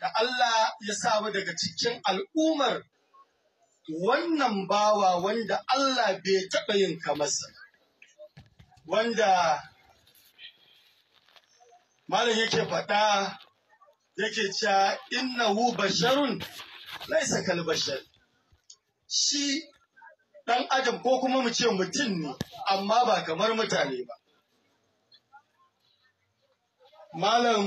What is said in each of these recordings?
da Allah ya samu daga cikin al'ummar wannan bawa wanda Allah bai taɓa yin kamarsa wanda malam yake faɗa yake cewa innahu basharun laisa kal bashar shi ɗan adam ko kuma mu ce mutum ne amma ba kamar mutane ba malam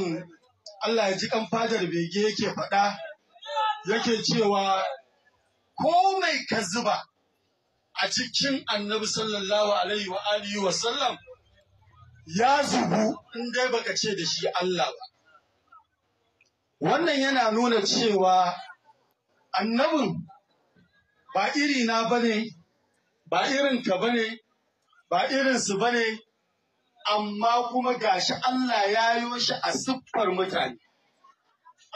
Allah ya ji kan fadar bege yake faɗa yake cewa ko mai ka zuba a cikin annabi sallallahu alaihi wa alihi wa sallam ya zubu in dai baka ce da shi Allah ba wannan yana nuna cewa annabin ba iri na ba irinka ba ne, ba irinsu ba bane amma kuma gashi Allah ya yi shi a siffar mutane.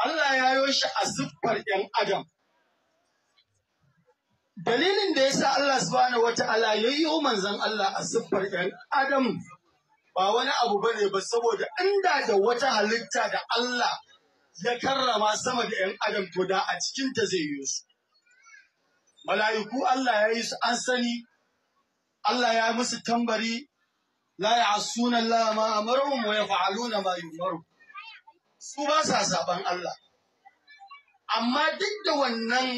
Allah ya yi shi a siffar ‘yan Adam. Dalilin da ya sa Allah subhanahu wa ta'ala ya yi manzan Allah a siffar ‘yan Adam ba wani abu bane ba saboda inda da wata halitta da Allah ya karrama sama da ‘yan Adam to da a cikinta zai yi su. Mala'iku Allah ya yi su an sani, Allah ya musu tambari, لا يعصون الله ما amaruhum ويفعلون ما ma su ba sa saban Allah amma duk da wannan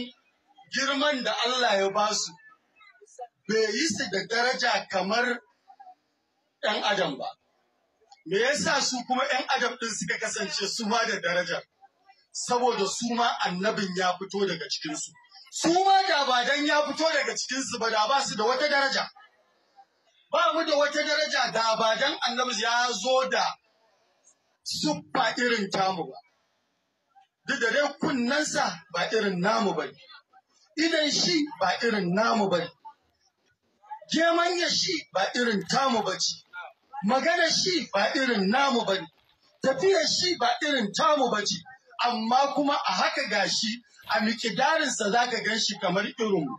girman da Allah ya ba su bai yi su da daraja kamar ɗan adam ba me yasa su kuma ‘yan adam ɗin suka kasance su ma da daraja saboda su ma annabin ya fito daga cikinsu su ma da ba dan ya fito daga cikinsu ba da ba su da wata daraja ba mu da wata daraja da ba dan annabi ya zo da suffa irin tamu ba duk da dai kunnensa ba irin namu ba idan shi ba irin namu ba geman ya shi ba irin tamu ba ce maganar shi ba irin namu ba tafiyar shi ba irin tamu ba amma kuma a haka gashi a mikidarinsa za ka gan kamar irinmu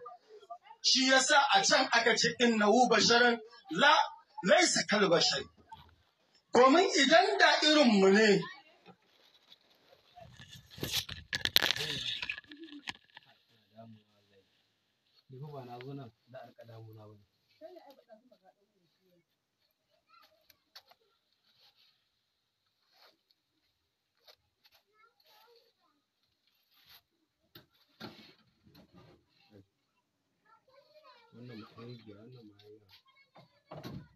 shi yasa a can aka ce innahu basharan la laisa kal bashari domin idan da irin mu ne ba na zo nan da arka ba ne 那么黑呀，那么黑呀。